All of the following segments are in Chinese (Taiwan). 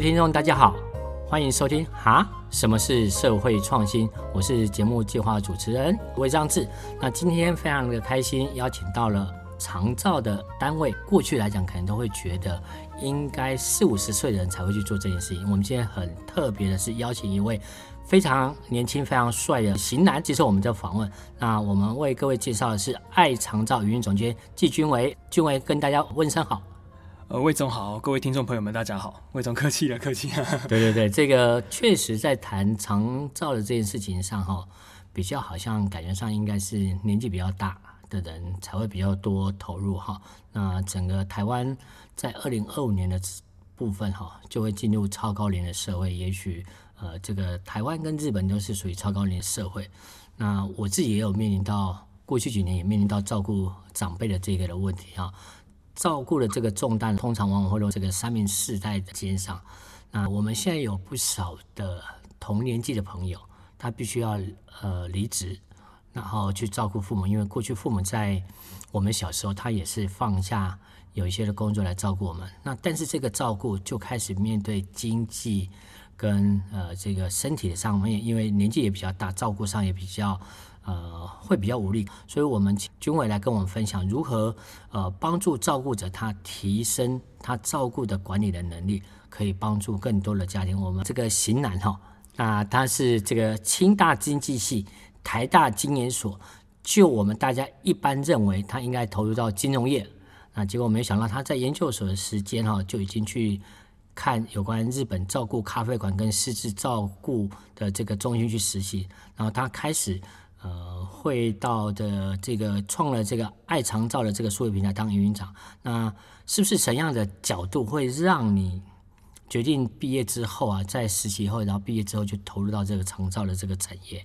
聽眾大家好，歡迎收聽哈，什麼是社會創新？我是節目計劃主持人魏張志。那今天非常的開心，邀請到了長照的單位。過去來講，可能都會覺得應該四五十歲的人才會去做這件事情。我們今天很特別的是邀請一位非常年輕、非常帥的型男接受我們的訪問。那我們為各位介紹的是愛長照營運總監紀鈞惟。鈞惟跟大家問聲好。呃，魏總好，各位聽眾朋友們，大家好。魏總客氣了，客氣了。對對對，這個確實在談長照的這件事情上哈，比較好像感覺上應該是年紀比較大的人才會比較多投入哈。那整個台灣在二零二五年的部分哈，就會進入超高齡的社會，也許呃，這個台灣跟日本都是屬於超高齡的社會。那我自己也有面臨到過去幾年也面臨到照顧長輩的這個的問題啊。照顧的這個重擔，通常往往會落在這個三明治世代的肩上。那我們現在有不少的同年紀的朋友，他必須要呃離職，然後去照顧父母。因為過去父母在我們小時候，他也是放下有一些的工作來照顧我們。那但是這個照顧就開始面對經濟跟呃這個身體上面，因為年紀也比較大，照顧上也比較。呃，會比較無力，所以，我們鈞惟來跟我們分享如何呃幫助照顧者他提升他照顧的管理的能力，可以幫助更多的家庭。我們這個型男哈，那他是這個清大經濟系台大經研所，就我們大家一般認為他應該投入到金融業，那結果沒想到他在研究所的時間哈、哦、就已經去看有關日本照顧咖啡館跟失智照顧的這個中心去實習，然後他開始。呃，會到的這個，創了這個愛長照的這個數位平台當營運長，那是不是什麼樣的角度會讓你決定畢業之後啊，在實習後，然後畢業之後就投入到這個長照的這個產業？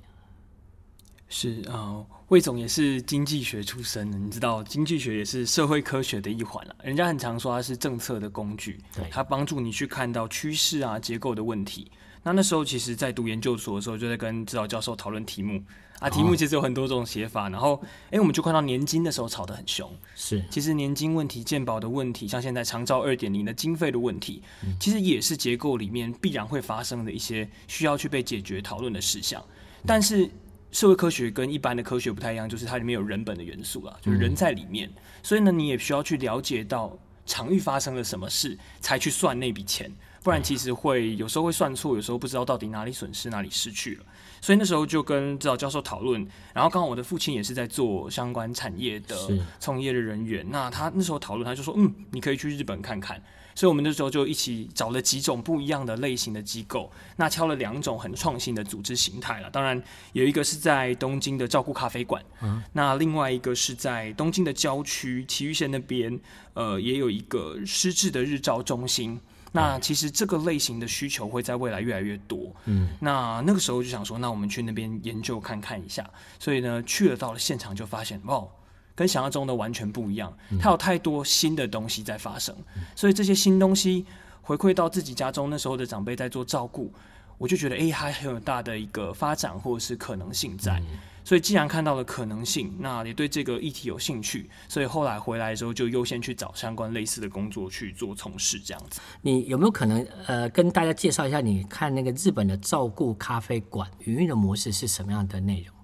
是啊、呃，魏總也是經濟學出身的，你知道經濟學也是社會科學的一環了、啊。人家很常說它是政策的工具，對，它幫助你去看到趨勢啊、結構的問題。那那時候其實，在讀研究所的時候，就在跟指導教授討論題目。啊，題目其實有很多種寫法，哦、然後，哎、欸，我們就看到年金的時候吵得很兇。是，其實年金問題、健保的問題，像現在長照2.0的經費的問題，嗯、其實也是結構裡面必然會發生的一些需要去被解決、討論的事項。嗯、但是社會科學跟一般的科學不太一樣，就是它裡面有人本的元素啊，就是、人在裡面，嗯、所以呢，你也需要去了解到場域發生了什麼事，才去算那筆錢，不然其實會、嗯、有時候會算錯，有時候不知道到底哪裡損失、哪裡失去了。所以那時候就跟指導教授討論，然後剛好我的父親也是在做相關產業的從業的人員，是那他那時候討論他就說，嗯，你可以去日本看看。所以我們那時候就一起找了幾種不一樣的類型的機構，那挑了兩種很創新的組織形態了。當然有一個是在東京的照顧咖啡館，嗯，那另外一個是在東京的郊區埼玉縣那邊，呃，也有一個失智的日照中心。那其實這個類型的需求會在未來越來越多。嗯，那那個時候就想說，那我們去那邊研究看看一下。所以呢，去了到了現場就發現，哦，跟想象中的完全不一樣。它有太多新的東西在發生，嗯，所以這些新東西回饋到自己家中，那時候的長輩在做照顧，我就覺得誒，還很有大的一個發展或者是可能性在。嗯。所以既然看到了可能性，那你對這個議題有興趣，所以後來回來之後就優先去找相關類似的工作去做從事這樣子。你有沒有可能呃跟大家介紹一下，你看那個日本的照顧咖啡館營運的模式是什麼樣的內容？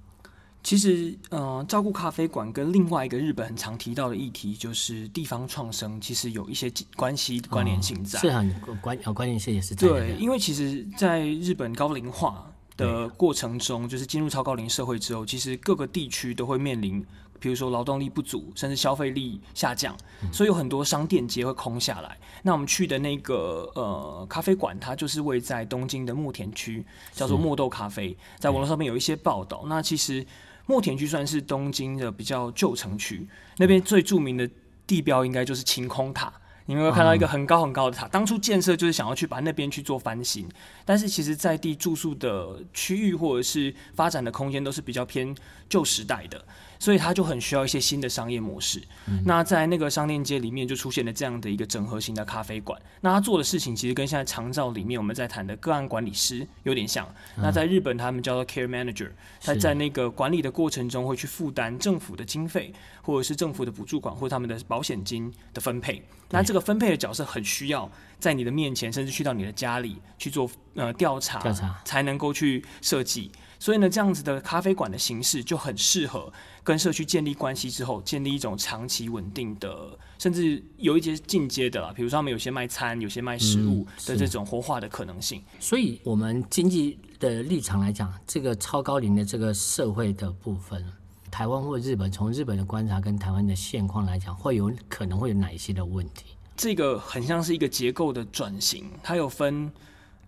其實呃，照顧咖啡館跟另外一個日本很常提到的議題就是地方創生，其實有一些關係，哦、關聯性在。是很關啊係，關聯性也是在。對，因為其實在日本高齡化。的過程中，就是進入超高齡社會之後，其實各個地區都會面臨，比如說勞動力不足，甚至消費力下降，所以有很多商店街會空下來。嗯、那我們去的那個呃咖啡館，它就是位在東京的墨田區，叫做墨豆咖啡。在網絡上面有一些報道，嗯、那其實墨田區算是東京的比較舊城區，那邊最著名的地標應該就是晴空塔。你有沒有看到一個很高很高的塔？當初建設就是想要去把那邊去做翻新，但是其實在地住宿的區域或者是發展的空間都是比較偏舊時代的。所以他就很需要一些新的商業模式。嗯、那在那個商店街裡面就出現了這樣的一個整合型的咖啡館。那他做的事情其實跟現在長照裡面我們在談的個案管理師有點像。嗯、那在日本他們叫做 care manager，是他在那個管理的過程中會去負擔政府的經費，或者是政府的補助款，或者他們的保險金的分配。對那這個分配的角色很需要在你的面前，甚至去到你的家裡去做呃調查，調查才能夠去設計。所以呢，這樣子的咖啡館的形式就很適合。跟社區建立關係之後，建立一種長期穩定的，甚至有一些進階的啦，比如說他們有些賣餐，有些賣食物的這種活化的可能性。嗯，所以，我們經濟的立場來講，這個超高齡的這個社會的部分，台灣或日本，從日本的觀察跟台灣的現況來講，會有可能會有哪一些的問題？這個很像是一個結構的轉型，它有分。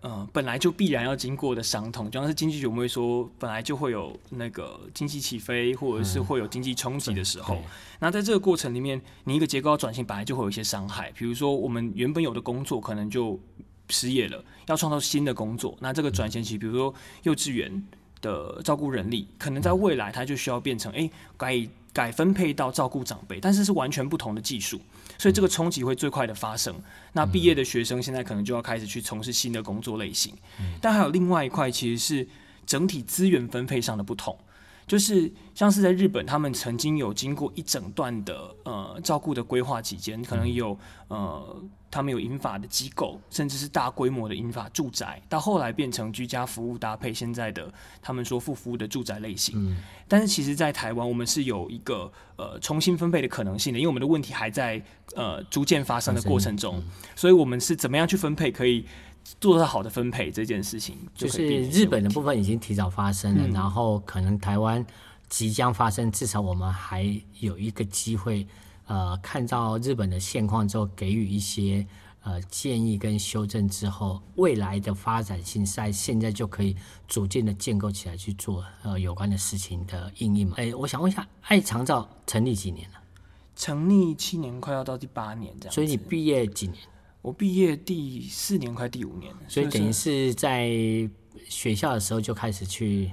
嗯、呃，本來就必然要經過的傷痛，就像是經濟學我們會說，本來就會有那個經濟起飛，或者是會有經濟衝擊的時候。嗯、那在這個過程裡面，你一個結構要轉型本來就會有一些傷害，比如說我們原本有的工作可能就失業了，要創造新的工作。那這個轉型期，比如說幼稚園的照顧人力，可能在未來它就需要變成，哎，改改分配到照顧長輩，但是是完全不同的技術。所以這個衝擊會最快的發生。那畢業的學生現在可能就要開始去從事新的工作類型。但還有另外一塊，其實是整體資源分配上的不同，就是像是在日本，他們曾經有經過一整段的呃照顧的規劃期間，可能也有呃。他們有引法的機構，甚至是大規模的引法住宅，到後來變成居家服務搭配現在的他們說附服務的住宅類型。嗯、但是其實，在台灣我們是有一個呃重新分配的可能性的，因為我們的問題還在呃逐漸發生的過程中，嗯嗯、所以我們是怎麼樣去分配，可以做到好的分配這件事情，就是日本的部分已經提早發生了，嗯、然後可能台灣即將發生，至少我們還有一個機會。呃，看到日本的現況之後，給予一些呃建議跟修正之後，未來的發展性在現在就可以逐漸的建構起來去做呃有關的事情的應用。哎、欸，我想問一下，愛長照成立幾年了？成立七年，快要到第八年這樣。所以你畢業幾年？我畢業第四年，快第五年。所以等於是在學校的時候就開始去。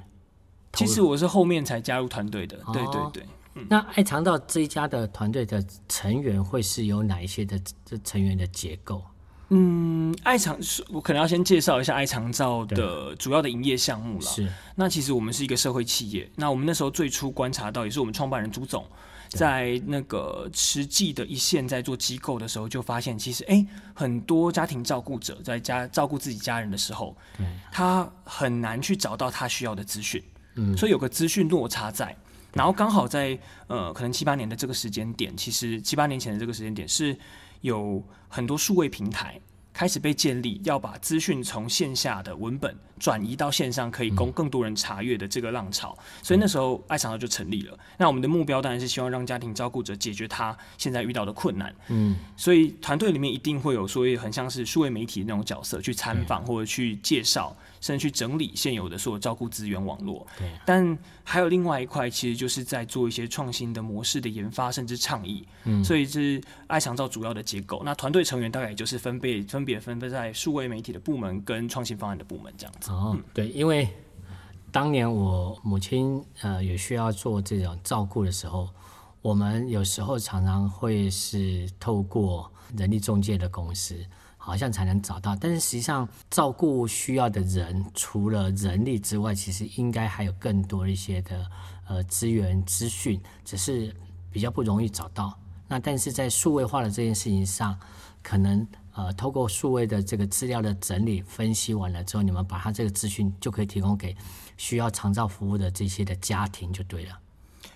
其實我是後面才加入團隊的，哦、對對對。那愛長照這一家的團隊的成員會是有哪一些的這成員的結構？嗯，愛長是我可能要先介紹一下愛長照的主要的營業項目了。是，那其實我們是一個社會企業。那我們那時候最初觀察到，也是我們創辦人朱總在那個實際的一線在做機構的時候，就發現其實哎、欸，很多家庭照顧者在家照顧自己家人的時候，對他很難去找到他需要的資訊，嗯，所以有個資訊落差在。然後剛好在呃，可能七八年的這個時間點，其實七八年前的這個時間點是有很多數位平台開始被建立，要把資訊從線下的文本轉移到線上，可以供更多人查閱的這個浪潮。嗯、所以那時候愛長照就成立了。那我們的目標當然是希望讓家庭照顧者解決他現在遇到的困難。嗯，所以團隊裡面一定會有所謂，很像是數位媒體那種角色去參訪或者去介紹、嗯。甚至去整理現有的所有照顧資源網絡，對。但還有另外一塊，其實就是在做一些創新的模式的研發，甚至倡議。嗯，所以是愛長照主要的結構。那團隊成員大概也就是分別分別分佈在數位媒體的部門跟創新方案的部門這樣子。哦，嗯、對，因為當年我母親呃有需要做這種照顧的時候，我們有時候常常會是透過。人力仲介的公司好像才能找到，但是實際上照顧需要的人，除了人力之外，其實應該還有更多一些的呃資源資訊，只是比較不容易找到。那但是在數位化的這件事情上，可能呃透過數位的這個資料的整理分析完了之後，你們把它這個資訊就可以提供給需要長照服務的這些的家庭就對了。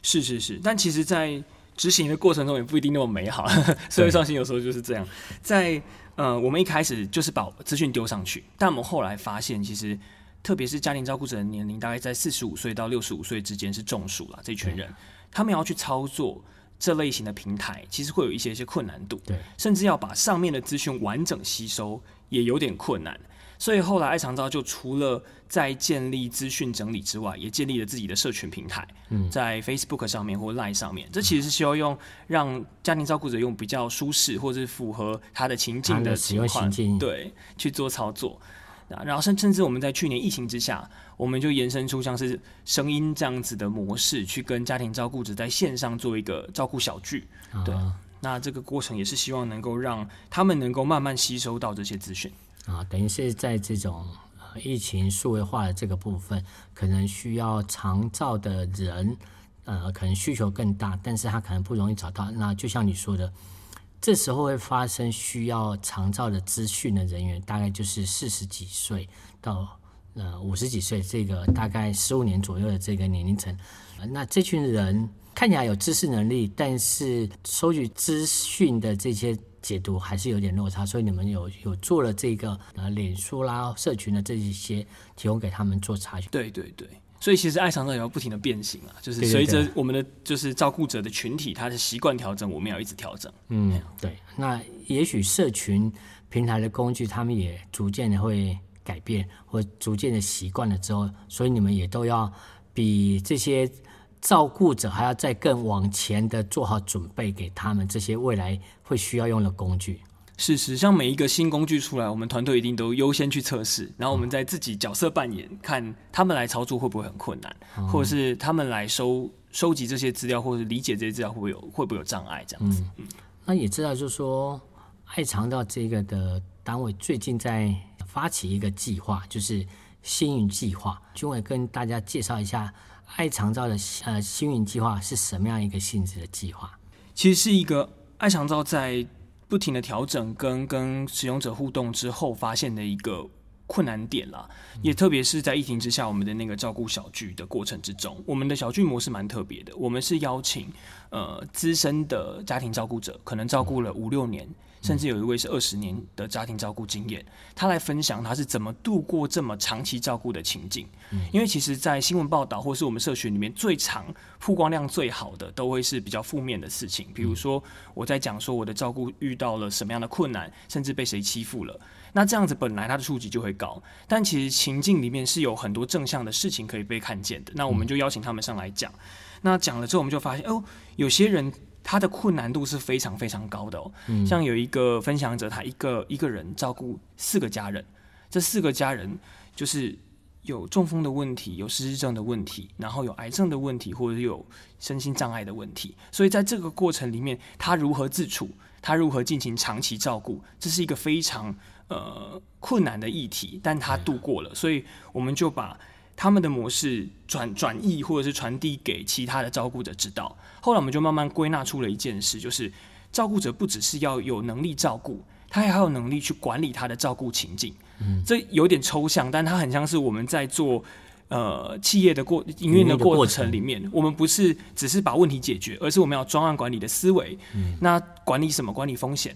是是是，但其實在，在執行的過程中也不一定那麼美好，社會創新有時候就是這樣。對在呃，我們一開始就是把資訊丟上去，但我們後來發現，其實特別是家庭照顧者的年齡大概在四十五歲到六十五歲之間是中暑了，這群人，嗯、他們要去操作這類型的平台，其實會有一些一些困難度，對，甚至要把上面的資訊完整吸收也有點困難。所以後來愛長照就除了在建立資訊整理之外，也建立了自己的社群平台，嗯、在 Facebook 上面或 Line 上面。這其實是需要用、嗯、讓家庭照顧者用比較舒適或者符合他的情境的情況，對，去做操作。那然後甚甚至我們在去年疫情之下，我們就延伸出像是聲音這樣子的模式，去跟家庭照顧者在線上做一個照顧小聚。啊、對，那這個過程也是希望能夠讓他們能夠慢慢吸收到這些資訊。啊，等於是在這種、呃、疫情數位化的這個部分，可能需要長照的人，呃，可能需求更大，但是他可能不容易找到。那就像你說的，這時候會發生需要長照的資訊的人員，大概就是四十幾歲到呃五十幾歲這個大概十五年左右的這個年齡層、呃。那這群人看起來有知識能力，但是收集資訊的這些。解讀還是有點落差，所以你們有有做了這個呃，臉書啦、社群的這些提供給他們做查詢。對對對，所以其實愛長照也要不停的變形啊，就是隨着我們的就是照顧者的群體他的習慣調整，我們要一直調整。對對對嗯，對。那也許社群平台的工具他們也逐漸的會改變，或逐漸的習慣了之後，所以你們也都要比這些。照顧者還要再更往前的做好準備，給他們這些未來會需要用的工具。事實上，每一個新工具出來，我們團隊一定都優先去測試，然後我們在自己角色扮演，嗯、看他們來操作會不會很困難，嗯、或者是他們來收收集這些資料，或者理解這些資料會不會有會不會有障礙這樣子、嗯嗯。那也知道，就是說愛長照這個的單位最近在發起一個計劃，就是星雲計畫，就會跟大家介紹一下。愛長照的呃星雲計劃是什麼樣一個性質的計劃其實是一個愛長照在不停的調整跟跟使用者互動之後發現的一個困難點啦、嗯、也特別是在疫情之下，我們的那個照顧小聚的過程之中，我們的小聚模式蠻特別的。我們是邀請呃資深的家庭照顧者，可能照顧了五六年。嗯甚至有一位是二十年的家庭照顧經驗，他來分享他是怎麼度過這麼長期照顧的情境。嗯，因為其實，在新聞報道或是我們社群裡面，最常曝光量最好的都會是比較負面的事情，比如說我在講說我的照顧遇到了什麼樣的困難，甚至被誰欺負了。那這樣子本來他的觸及就會高，但其實情境裡面是有很多正向的事情可以被看見的。那我們就邀請他們上來講，那講了之後我們就發現，哦、呃，有些人。他的困難度是非常非常高的哦，嗯、像有一個分享者，他一個一個人照顧四個家人，這四個家人就是有中風的問題，有失智症的問題，然後有癌症的問題，或者有身心障礙的問題，所以在這個過程裡面，他如何自處，他如何進行長期照顧，這是一個非常呃困難的議題，但他度過了，嗯、所以我們就把。他們的模式轉轉移，或者是傳遞給其他的照顧者知道。後來我們就慢慢歸納出了一件事，就是照顧者不只是要有能力照顧，他也還有能力去管理他的照顧情境。嗯，這有點抽象，但它很像是我們在做呃企業的過營運的過程裡面，裡面我們不是只是把問題解決，而是我們要專案管理的思維。嗯，那管理什麼？管理風險。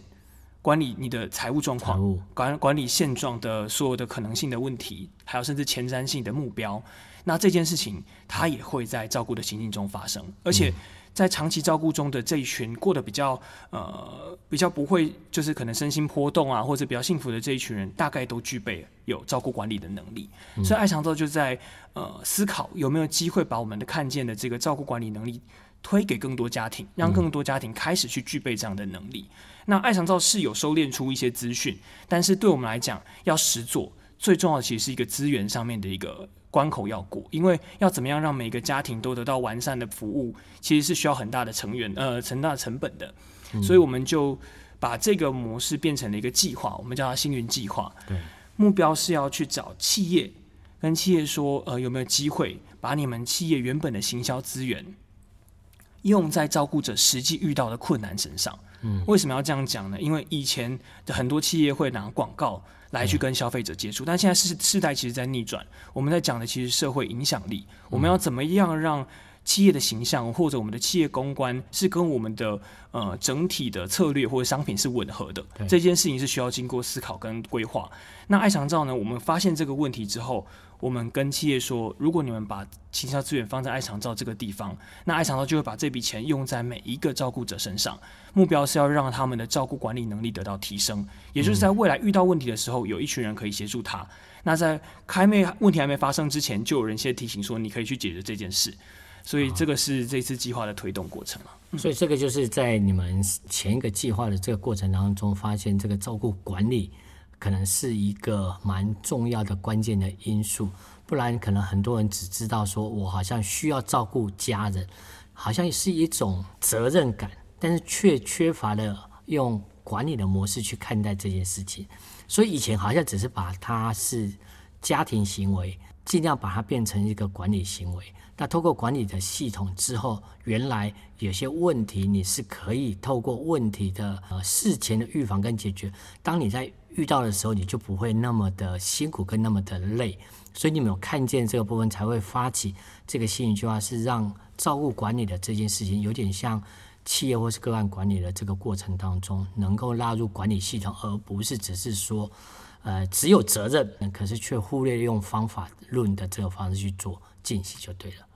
管理你的財務狀況，管管理現狀的所有的可能性的問題，還有甚至前瞻性的目標。那這件事情它也會在照顧的情境中發生，而且在長期照顧中的這一群過得比較、嗯、呃比較不會就是可能身心波動啊，或者比較幸福的這一群人，大概都具備有照顧管理的能力，嗯、所以愛長照就在呃思考有沒有機會把我們的看見的這個照顧管理能力，推給更多家庭，讓更多家庭開始去具備這樣的能力。嗯、那愛長照是有收斂出一些資訊，但是對我們來講，要實做，最重要的其實是一個資源上面的一個關口要過，因為要怎麼樣讓每個家庭都得到完善的服務，其實是需要很大的成員呃，很大成本的。嗯、所以我們就把這個模式變成了一個計劃，我們叫它“星雲計畫”。對，目標是要去找企業，跟企業說，呃，有沒有機會把你們企業原本的行銷資源。用在照顧者實際遇到的困難身上。嗯，為什麼要這樣講呢？因為以前的很多企業會拿廣告來去跟消費者接觸，嗯、但現在世代其實在逆轉。我們在講的其實社會影響力，我們要怎麼樣讓？企業的形象或者我們的企業公關是跟我們的呃整體的策略或者商品是吻合的。對這件事情是需要經過思考跟規劃。那愛長照呢？我們發現這個問題之後，我們跟企業說，如果你們把行銷資源放在愛長照這個地方，那愛長照就會把這筆錢用在每一個照顧者身上。目標是要讓他們的照顧管理能力得到提升，也就是在未來遇到問題的時候，有一群人可以協助他。嗯、那在開妹問題還沒發生之前，就有人先提醒說，你可以去解決這件事。所以這個是這次計劃的推動過程嘛？哦，所以這個就是在你們前一個計劃的這個過程當中，發現這個照顧管理可能是一個蠻重要的關鍵的因素。不然可能很多人只知道說我好像需要照顧家人，好像是一種責任感，但是卻缺乏了用管理的模式去看待這件事情。所以以前好像只是把它是家庭行為，儘量把它變成一個管理行為。那透過管理的系統之後，原來有些問題你是可以透過問題的呃事前的預防跟解決，當你在遇到的時候，你就不會那麼的辛苦跟那麼的累。所以你沒有看見這個部分，才會發起這個星雲計畫，是讓照顧管理的這件事情有點像企業或是個案管理的這個過程當中，能夠納入管理系統，而不是只是說呃只有責任，可是卻忽略用方法論的這個方式去做進行就對了。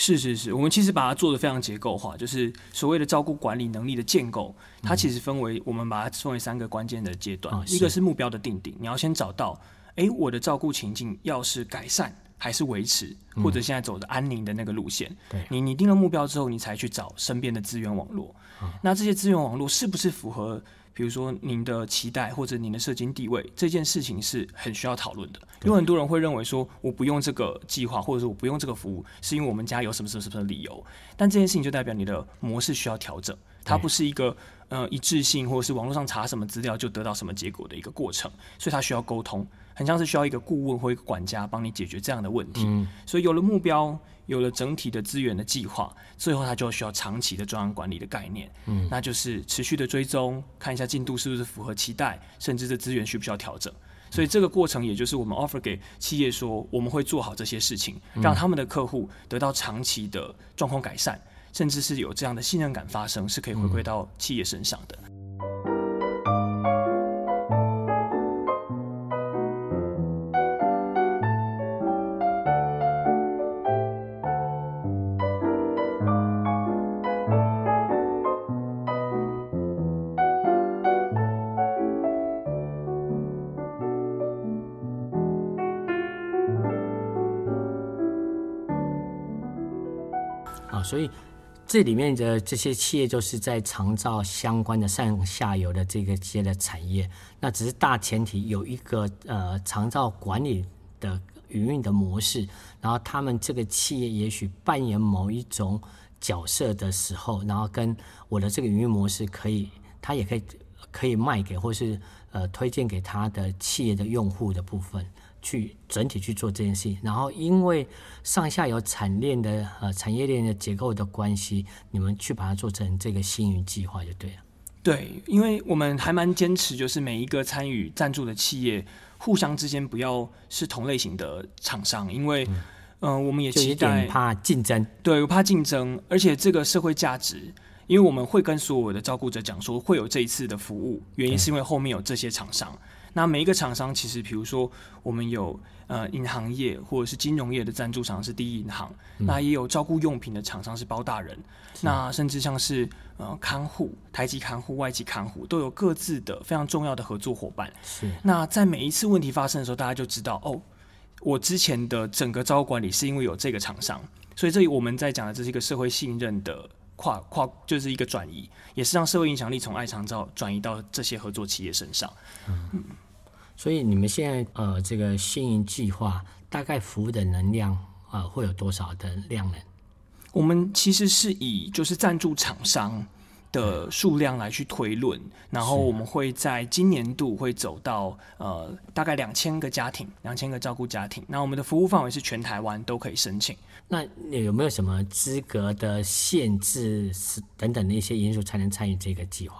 是是是，我們其實把它做的非常結構化，就是所謂的照顧管理能力的建構，它其實分為，嗯、我們把它分為三個關鍵的階段，啊、一個是目標的定定，你要先找到，哎、欸，我的照顧情境要是改善還是維持，或者現在走的安寧的那個路線，嗯、你你定了目標之後，你才去找身邊的資源網絡，嗯、那這些資源網絡是不是符合？比如說您的期待或者您的社經地位，這件事情是很需要討論的。有很多人會認為說我不用這個計劃，或者說我不用這個服務，是因為我們家有什麼什麼什麼的理由。但這件事情就代表你的模式需要調整，它不是一個呃一致性，或者是網絡上查什麼資料就得到什麼結果的一個過程，所以它需要溝通。很像是需要一個顧問或一個管家幫你解決這樣的問題，嗯、所以有了目標，有了整體的資源的計劃，最後它就需要長期的專案管理的概念，嗯、那就是持續的追蹤，看一下進度是不是符合期待，甚至這資源需不需要調整。嗯、所以這個過程也就是我們 offer 給企業說，我們會做好這些事情，讓他們的客戶得到長期的狀況改善，嗯、甚至是有這樣的信任感發生，是可以回歸到企業身上的。這裡面的這些企業就是在長照相關的上下游的這個企業的產業，那只是大前提有一個呃長照管理的營運的模式，然後他們這個企業也許扮演某一種角色的時候，然後跟我的這個營運模式可以，他也可以可以賣給或是呃推薦給他的企業的用戶的部分。去整體去做這件事情，然後因為上下游產鏈的呃產業鏈的結構的關係，你們去把它做成這個星雲計畫就對了。對，因為我們還蠻堅持，就是每一個參與贊助的企業，互相之間不要是同類型的廠商，因為嗯、呃、我們也期待一點怕競爭，對，我怕競爭，而且這個社會價值，因為我們會跟所有的照顧者講說會有這一次的服務，原因是因為後面有這些廠商。那每一個廠商，其實比如說，我們有呃銀行業或者是金融業的贊助廠商是第一銀行，嗯、那也有照顧用品的廠商是包大人，是那甚至像是呃看護，台籍看護、外籍看護都有各自的非常重要的合作夥伴。是。那在每一次問題發生的時候，大家就知道哦，我之前的整個照管理是因為有這個廠商，所以這裡我們在講的這是一個社會信任的。跨跨就是一個轉移，也是讓社會影響力從愛長照轉移到這些合作企業身上。嗯，所以你們現在呃，這個星雲計畫大概服務的能量啊、呃，會有多少的量呢？我們其實是以就是贊助廠商。的數量來去推論，然後我們會在今年度會走到、啊、呃，大概兩千個家庭，兩千個照顧家庭。那我們的服務範圍是全台灣都可以申請。那有沒有什麼資格的限制，是等等的一些因素才能參與這個計劃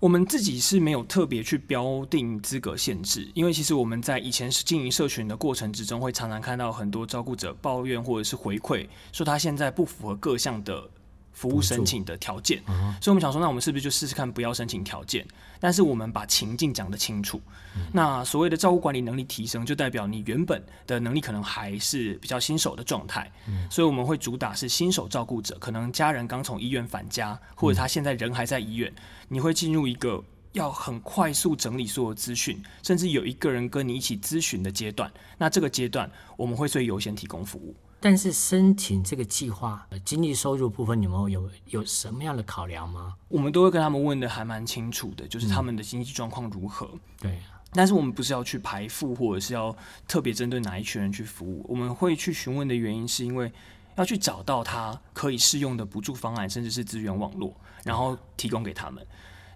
我們自己是沒有特別去標定資格限制，因為其實我們在以前是經營社群的過程之中，會常常看到很多照顧者抱怨或者是回饋，說他現在不符合各項的。服務申請的條件，嗯、所以我們想說，那我們是不是就試試看不要申請條件？但是我們把情境講得清楚。嗯、那所謂的照顧管理能力提升，就代表你原本的能力可能還是比較新手的狀態。嗯、所以我們會主打是新手照顧者，可能家人剛從醫院返家，或者他現在人還在醫院，嗯、你會進入一個要很快速整理所有資訊，甚至有一個人跟你一起諮詢的階段。那這個階段我們會最優先提供服務。但是申請這個計劃，經濟收入部分你們有有什麼樣的考量嗎？我們都會跟他們問的還蠻清楚的，就是他們的經濟狀況如何。嗯、對、啊，但是我們不是要去排富，或者是要特別針對哪一群人去服務。我們會去詢問的原因，是因為要去找到他可以適用的補助方案，甚至是資源網絡，然後提供給他們。嗯、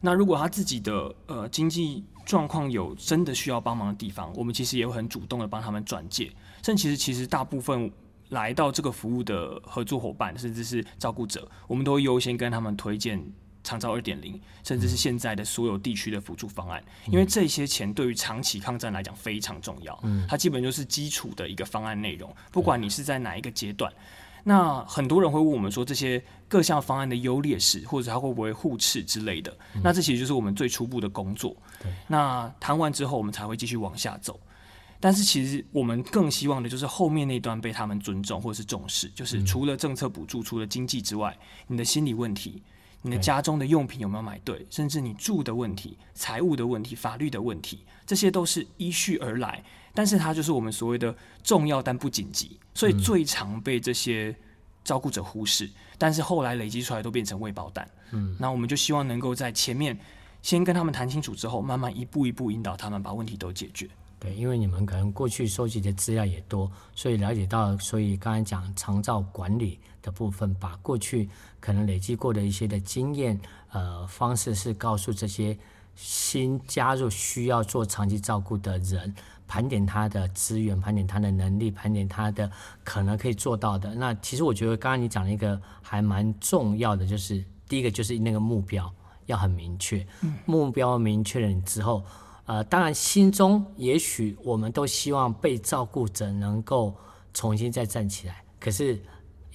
那如果他自己的呃經濟狀況有真的需要幫忙的地方，我們其實也會很主動的幫他們轉介。甚至其實其實大部分。來到這個服務的合作夥伴，甚至是照顧者，我們都會優先跟他們推薦長照二點零，甚至是現在的所有地區的輔助方案，因為這些錢對於長期抗戰來講非常重要。嗯、它基本就是基礎的一個方案內容，嗯、不管你是在哪一個階段。嗯、那很多人會問我們說，這些各項方案的優劣勢，或者它會不會互斥之類的。嗯、那這其實就是我們最初步的工作。對那談完之後，我們才會繼續往下走。但是其實我們更希望的就是後面那段被他們尊重或者是重視，就是除了政策補助、除了經濟之外，你的心理問題、你的家中的用品有沒有買對，嗯、甚至你住的問題、財務的問題、法律的問題，這些都是依序而來。但是它就是我們所謂的重要但不緊急，所以最常被這些照顧者忽視。嗯、但是後來累積出來都變成未爆彈。嗯，那我們就希望能夠在前面先跟他們談清楚之後，慢慢一步一步引導他們把問題都解決。對，因為你們可能過去收集的資料也多，所以了解到，所以剛才講長照管理的部分，把過去可能累積過的一些的經驗，呃，方式是告訴這些新加入需要做長期照顧的人，盤點他的資源，盤點他的能力，盤點他的可能可以做到的。那其實我覺得，剛剛你講了一個還蠻重要的，就是第一個就是那個目標要很明確，嗯、目標明確了之後。呃，當然，心中也許我們都希望被照顧者能夠重新再站起來，可是，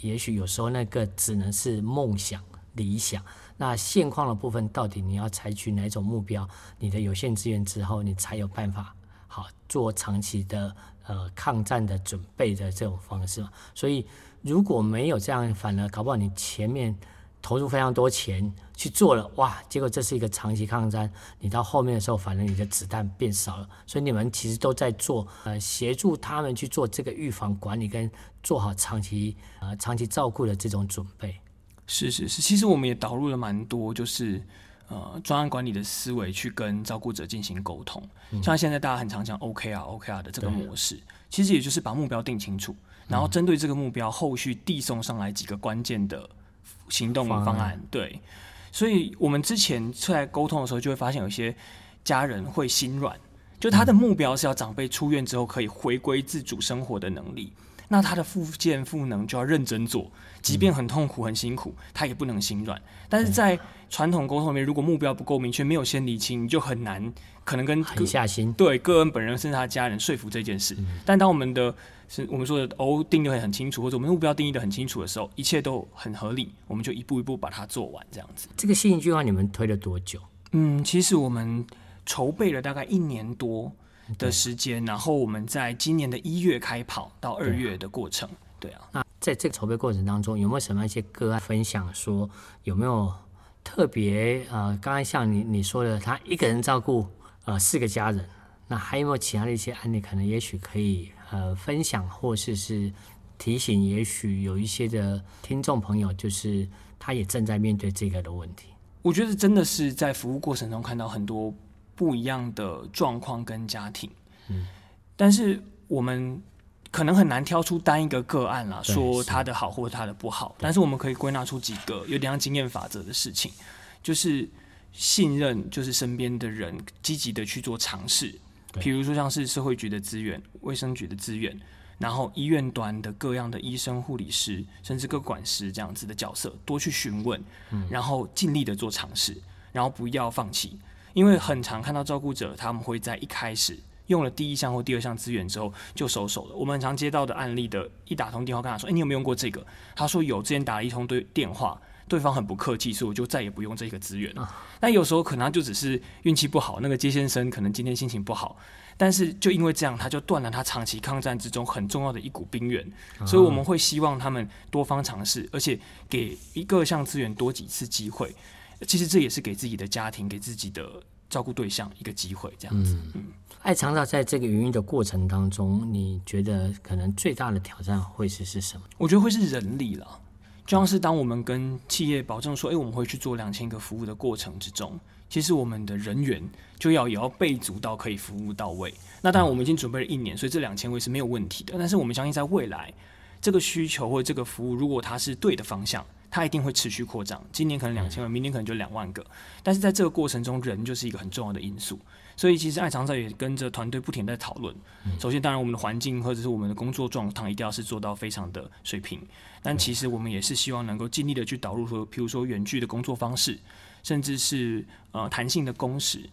也許有時候那個只能是夢想、理想。那現況的部分，到底你要採取哪種目標？你的有限資源之後，你才有辦法好做長期的呃抗戰的準備的這種方式。所以，如果沒有這樣，反而搞不好你前面。投入非常多錢去做了哇，結果這是一個長期抗戰，你到後面的時候，反正你的子彈變少了。所以你們其實都在做，呃，協助他們去做這個預防管理跟做好長期，呃，長期照顧的這種準備。是是是，其實我們也導入了蠻多，就是呃，專案管理的思維去跟照顧者進行溝通。嗯、像現在大家很常講 OKR、OKR 的這個模式，了其實也就是把目標定清楚，然後針對這個目標，嗯、後續遞送上來幾個關鍵的。行動方案對，所以我們之前出來溝通的時候，就會發現有些家人會心軟，就他的目標是要長輩出院之後可以回歸自主生活的能力，那他的復健復能就要認真做，即便很痛苦、很辛苦，他也不能心軟。但是在傳統溝通裡面，如果目標不夠明確，沒有先理清，你就很難。可能跟底下心對，個人本人甚至他家人說服這件事。嗯、但當我們的是我們說的 O、哦、定義得很清楚，或者我們目標定義的很清楚的時候，一切都很合理，我們就一步一步把它做完，這樣子。這個星雲計畫你們推了多久？嗯，其實我們籌備了大概一年多的時間，對然後我們在今年的一月開跑到二月的過程。對啊，對啊那在這個籌備過程當中，有沒有什麼一些個案分享說？說有沒有特別啊？剛、呃、才像你你說的，他一個人照顧。呃，四個家人，那還有沒有其他的一些案例？可能也許可以呃分享，或者是，是提醒，也許有一些的聽眾朋友，就是他也正在面對這個的問題。我覺得真的是在服務過程中看到很多不一樣的狀況跟家庭，嗯，但是我們可能很難挑出單一個個案了，說他的好或他的不好。對但是我們可以歸納出幾個有點像經驗法則的事情，就是。信任就是身邊的人積極的去做嘗試，比如說像是社會局的資源、衛生局的資源，然後醫院端的各樣的醫生、護理師，甚至個管師這樣子的角色，多去詢問，然後盡力的做嘗試，然後不要放棄，因為很常看到照顧者他們會在一開始用了第一項或第二項資源之後就收手了。我們很常接到的案例的一打通電話跟他說，欸，“你有沒有用過這個？”他說：“有，之前打了一通對電話。”對方很不客氣，所以我就再也不用這個資源了。啊、但有時候可能他就只是運氣不好，那個接線生可能今天心情不好，但是就因為這樣，他就斷了他長期抗戰之中很重要的一股兵源。哦、所以我們會希望他們多方嘗試，而且給各項資源多幾次機會。其實這也是給自己的家庭、給自己的照顧對象一個機會，這樣子。嗯嗯、愛長照在這個營運的過程當中，你覺得可能最大的挑戰會是是什麼？我覺得會是人力了。就像是當我們跟企業保證說，哎，我們會去做兩千個服務的過程之中，其實我們的人員就要也要備足到可以服務到位。那當然，我們已經準備了一年，所以這兩千位是沒有問題的。但是我們相信，在未來，這個需求或者這個服務，如果它是對的方向，它一定會持續擴張。今年可能兩千萬，明年可能就兩萬個。但是在這個過程中，人就是一個很重要的因素。所以其實愛長照也跟着團隊不停在討論。首先，當然我們的環境或者是我們的工作狀況一定要是做到非常的水平。但其實我們也是希望能夠盡力的去導入說，譬如說遠距的工作方式，甚至是呃彈性的工時。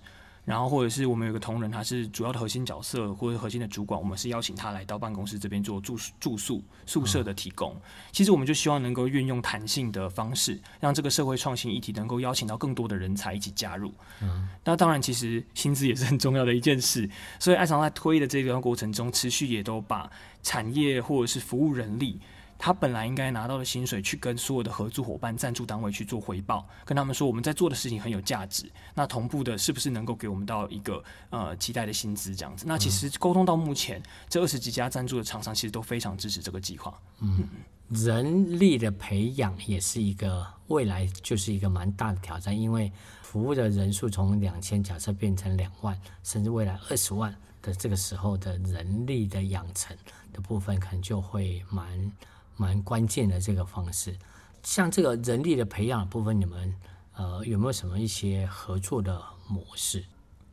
然後或者是我們有個同仁，他是主要的核心角色或者核心的主管，我們是邀請他來到辦公室這邊做住宿，住宿宿舍的提供。嗯、其實我們就希望能夠運用彈性的方式，讓這個社會創新議題能夠邀請到更多的人才一起加入。嗯、那當然，其實薪資也是很重要的一件事。所以愛長照在推的這段過程中，持續也都把產業或者是服務人力，他本來應該拿到的薪水，去跟所有的合作夥伴、贊助單位去做回報，跟他們說我們在做的事情很有價值。那同步的是不是能夠給我們到一個呃期待的薪資這樣子？那其實溝通到目前，嗯、這二十幾家贊助的廠商其實都非常支持這個計劃。嗯，嗯人力的培養也是一個未來就是一個蠻大的挑戰，因為服務的人數從兩千假設變成兩萬，甚至未來二十萬的這個時候的人力的養成的部分，可能就會蠻。蠻關鍵的這個方式，像這個人力的培養的部分，你們呃有沒有什麼一些合作的模式？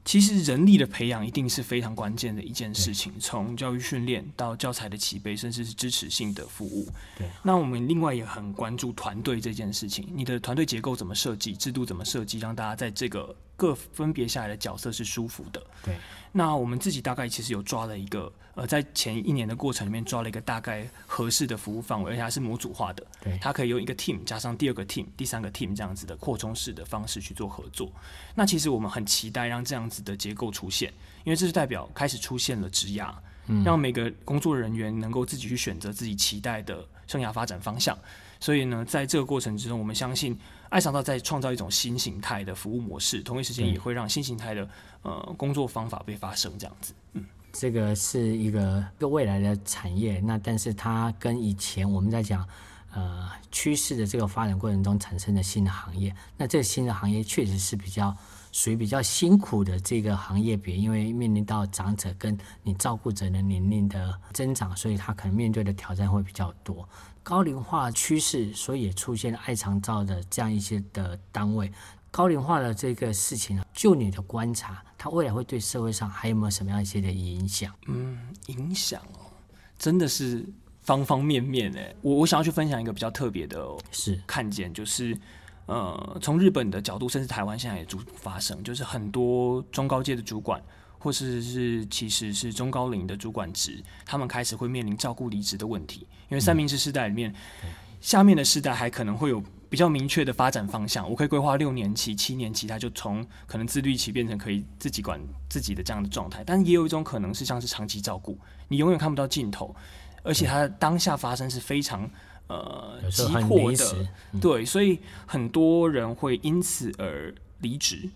其實人力的培養一定是非常關鍵的一件事情，對從教育訓練到教材的齊備，甚至是支持性的服務。對。那我們另外也很關注團隊這件事情，你的團隊結構怎麼設計，制度怎麼設計，讓大家在這個。各分別下來的角色是舒服的。對。那我們自己大概其實有抓了一個，呃，在前一年的過程裡面抓了一個大概合適的服務範圍，而且它是模組化的。對。它可以用一個 team 加上第二個 team、第三個 team 這樣子的擴充式的方式去做合作。那其實我們很期待讓這樣子的結構出現，因為這是代表開始出現了職涯，嗯，讓每個工作人員能夠自己去選擇自己期待的生涯發展方向。所以呢，在這個過程之中，我們相信。愛長照在創造一種新形態的服務模式，同一時間也會讓新形態的對呃工作方法被發生這樣子，嗯，這個是一個，一個未來的產業，那但是它跟以前我們在講呃趨勢的這個發展過程中產生的新的行業，那這個新的行業確實是比較。屬於比較辛苦的這個行業別，別因為面臨到長者跟你照顧者的年齡的增長，所以他可能面對的挑戰會比較多。高齡化趨勢，所以也出現了愛長照的這樣一些的單位。高齡化的這個事情啊，就你的觀察，它未來會對社會上還有沒有什麼樣一些的影響？嗯，影響哦，真的是方方面面誒、欸。我我想要去分享一個比較特別的、哦、是看見，就是。呃，從日本的角度，甚至台灣現在也逐步發生，就是很多中高階的主管，或是是其實是中高齡的主管職，他們開始會面臨照顧離職的問題。因為三明治世代裡面，嗯、下面的世代還可能會有比較明確的發展方向，我可以規劃六年期、七年期，他就從可能自律期變成可以自己管自己的這樣的狀態。但也有一種可能是像是長期照顧，你永遠看不到盡頭，而且它當下發生是非常。呃，急迫的，嗯、對，所以很多人會因此而離職。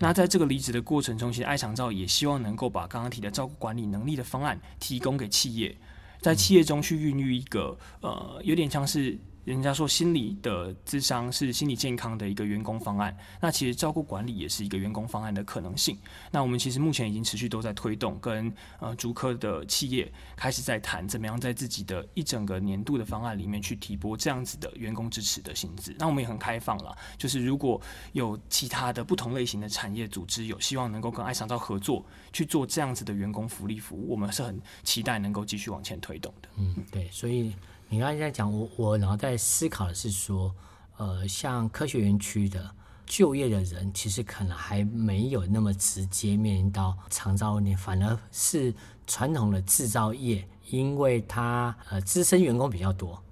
那在這個離職的過程中，其實愛長照也希望能夠把剛剛提的照顧管理能力的方案提供給企業，在企業中去孕育一個、嗯、呃，有點像是。人家說心理的諮商是心理健康的一個員工方案，那其實照顧管理也是一個員工方案的可能性。那我們其實目前已經持續都在推動，跟呃竹科的企業開始在談，怎麼樣在自己的一整個年度的方案裡面去提撥這樣子的員工支持的薪資。那我們也很開放了，就是如果有其他的不同類型的產業組織有希望能夠跟愛長照合作去做這樣子的員工福利服務，我們是很期待能夠繼續往前推動的。嗯，對，所以。你剛才講我我然後在思考的是說，呃，像科學園區的就業的人，其實可能還沒有那麼直接面臨到長照問題，反而是傳統的制造業，因為它呃資深員工比較多，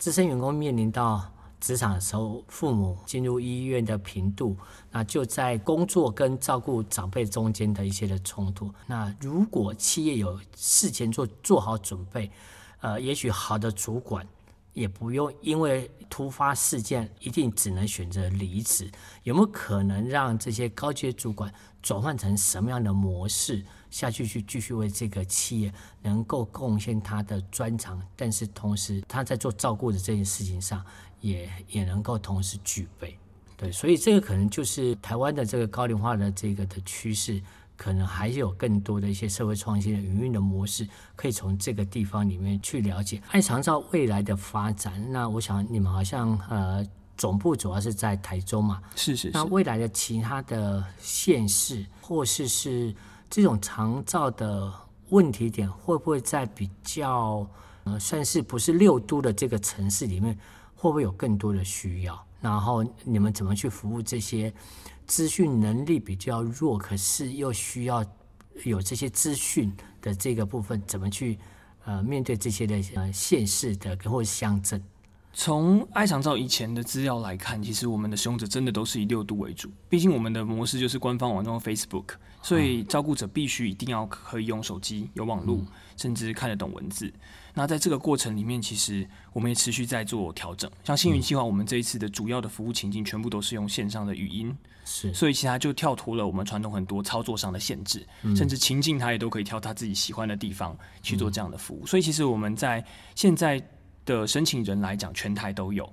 資深員工面臨到職場的時候，父母進入醫院的頻度，那就在工作跟照顧長輩中間的一些的衝突。那如果企業有事前做做好準備，呃，也許好的主管也不用因為突發事件一定只能選擇離職，有沒有可能讓這些高階主管轉換成什麼樣的模式下去去繼續為這個企業能夠貢獻他的專長？但是同時他在做照顧的這件事情上也也能夠同時具備。對，所以這個可能就是台灣的這個高齡化的這個的趨勢。可能還是有更多的一些社會創新的營運的模式，可以從這個地方裡面去了解。愛長照未來的發展，那我想你們好像呃總部主要是在台中嘛，是是是。那未來的其他的縣市或是是這種長照的問題點，會不會在比較呃算是不是六都的這個城市裡面，會不會有更多的需要？然後你們怎麼去服務這些？資訊能力比較弱，可是又需要有這些資訊的這個部分，怎麼去呃面對這些的縣市、呃、的或鄉鎮？從愛長照以前的資料來看，其實我們的使用者真的都是以六都為主，畢竟我們的模式就是官方網站 Facebook，所以照顧者必須一定要可以用手機、有網路，嗯、甚至看得懂文字。那在這個過程裡面，其實我們也持續在做調整。像星雲計畫，我們這一次的主要的服務情境全部都是用線上的語音，是，所以其他就跳脫了我們傳統很多操作上的限制，嗯、甚至情境他也都可以挑他自己喜歡的地方去做這樣的服務。嗯、所以其實我們在現在的申請人來講，全台都有。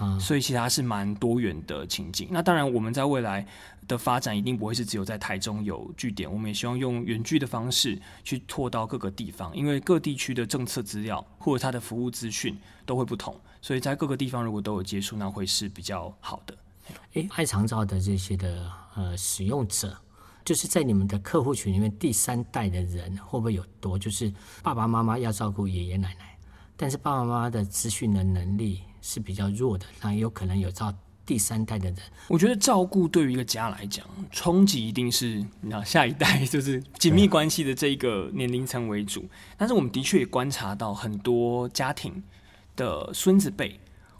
嗯、所以，其他是蠻多元的情景。那當然，我們在未來的發展一定不會是只有在台中有據點，我們也希望用遠距的方式去拓到各個地方，因為各地區的政策資料或者它的服務資訊都會不同，所以在各個地方如果都有接觸，那會是比較好的。哎、嗯欸，愛長照的這些的呃使用者，就是在你們的客戶群裡面，第三代的人會不會有多？就是爸爸媽媽要照顧爺爺奶奶，但是爸爸媽媽的資訊的能力，是比較弱的，那也有可能有照第三代的人。我覺得照顧對於一個家來講，衝擊一定是那下一代就是緊密關係的這一個年齡層為主。對但是我們的確也觀察到很多家庭的孫子輩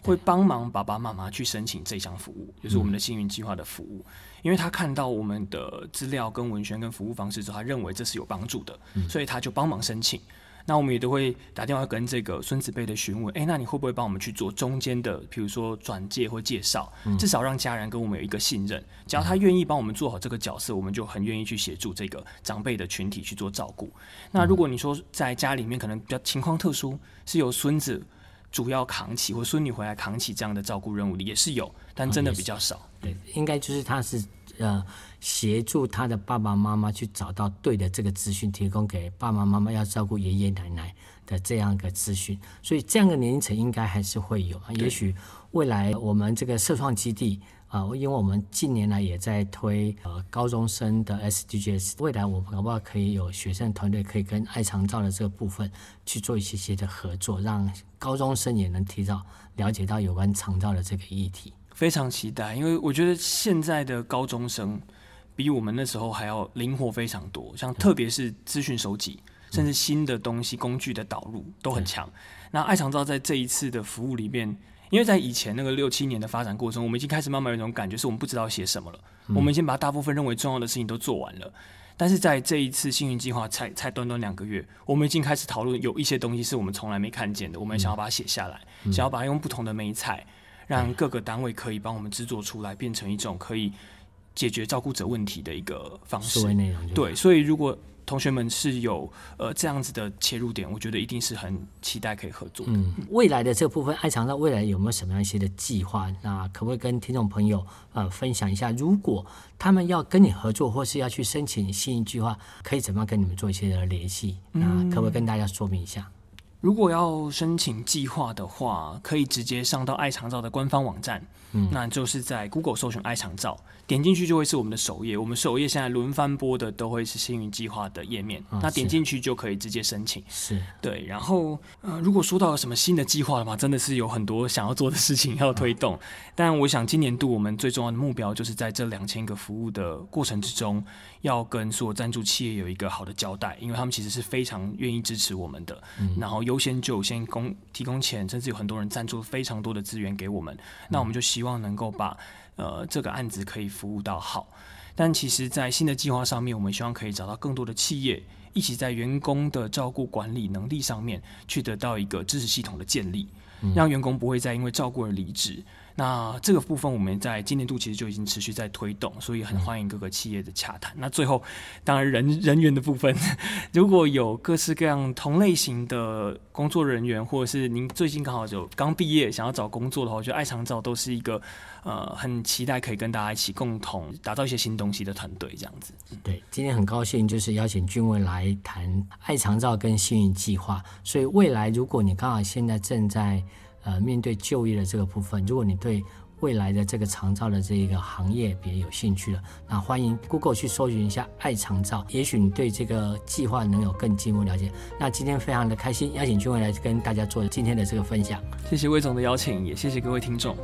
會幫忙爸爸媽媽去申請這項服務，對就是我們的星雲計畫的服務，嗯、因為他看到我們的資料跟文宣跟服務方式之後，他認為這是有幫助的，嗯、所以他就幫忙申請。那我們也都會打電話跟這個孫子輩的詢問，誒，那你會不會幫我們去做中間的，比如說轉介或介紹，嗯、至少讓家人跟我們有一個信任。只要他願意幫我們做好這個角色，嗯、我們就很願意去協助這個長輩的群體去做照顧。那如果你說在家裡面可能比較情況特殊，是由孫子主要扛起或孫女回來扛起這樣的照顧任務的，也是有，但真的比較少。對、哦，應該就是他是。呃，協助他的爸爸媽媽去找到對的這個資訊，提供給爸爸媽媽要照顧爺爺奶奶的這樣一個資訊。所以這樣的年齡層應該還是會有。對也許未來我們這個社創基地啊、呃，因為我們近年來也在推呃高中生的 SDGs，未來我們搞不好可以有學生團隊可以跟愛長照的這個部分去做一些些的合作，讓高中生也能提早了解到有關長照的這個議題。非常期待，因為我覺得現在的高中生比我們那時候還要靈活非常多，像特別是資訊收集，嗯、甚至新的東西、嗯、工具的導入都很強。嗯、那愛長照在這一次的服務裡面，因為在以前那個六七年的發展過程中，我們已經開始慢慢有一種感覺，是我們不知道寫什麼了。嗯、我們已經把大部分認為重要的事情都做完了，但是在這一次星雲計畫，才才短短兩個月，我們已經開始討論有一些東西是我們從來沒看見的，我們想要把它寫下來，嗯、想要把它用不同的媒材讓各個單位可以幫我們制作出來，變成一種可以解決照顧者問題的一個方式。對，所以如果同學們是有呃這樣子的切入點，我覺得一定是很期待可以合作嗯，未來的這個部分，愛長照未來有沒有什麼樣一些的計劃？那可不可以跟聽眾朋友呃分享一下？如果他們要跟你合作，或是要去申請星雲計畫，可以怎麼樣跟你們做一些聯繫？啊、嗯，那可不可以跟大家說明一下？如果要申請計劃的話，可以直接上到愛長照的官方網站，嗯、那就是在 Google 搜尋愛長照，點進去就會是我們的首頁。我們首頁現在輪番播的都會是星雲計劃的頁面，啊、那點進去就可以直接申請。是對，然後呃，如果說到了什麼新的計劃的話，真的是有很多想要做的事情要推動。嗯、但我想，今年度我們最重要的目標就是在這兩千個服務的過程之中，要跟所有贊助企業有一個好的交代，因為他們其實是非常願意支持我們的。嗯、然後又。優先就先供提供錢，甚至有很多人贊助非常多的資源給我們。嗯、那我們就希望能夠把呃這個案子可以服務到好。但其實，在新的計劃上面，我們希望可以找到更多的企業，一起在員工的照顧管理能力上面去得到一個支持系統的建立，嗯、讓員工不會再因為照顧而離職。那這個部分我們在今年度其實就已經持續在推動，所以很歡迎各個企業的洽談。嗯、那最後，當然人人員的部分，如果有各式各樣同類型的工作人員，或者是您最近剛好有剛畢業想要找工作的話，我覺得愛長照都是一個呃很期待可以跟大家一起共同打造一些新東西的團隊這樣子。對，今天很高興就是邀請鈞惟來談愛長照跟星雲計畫。所以未來如果你剛好現在正在。呃，面對就業的這個部分，如果你對未來的這個長照的這一個行業比較有興趣了，那歡迎 Google 去搜尋一下“愛長照”，也許你對這個計劃能有更進一步了解。那今天非常的開心，邀請鈞惟來跟大家做今天的這個分享。謝謝魏總的邀請，也謝謝各位聽眾。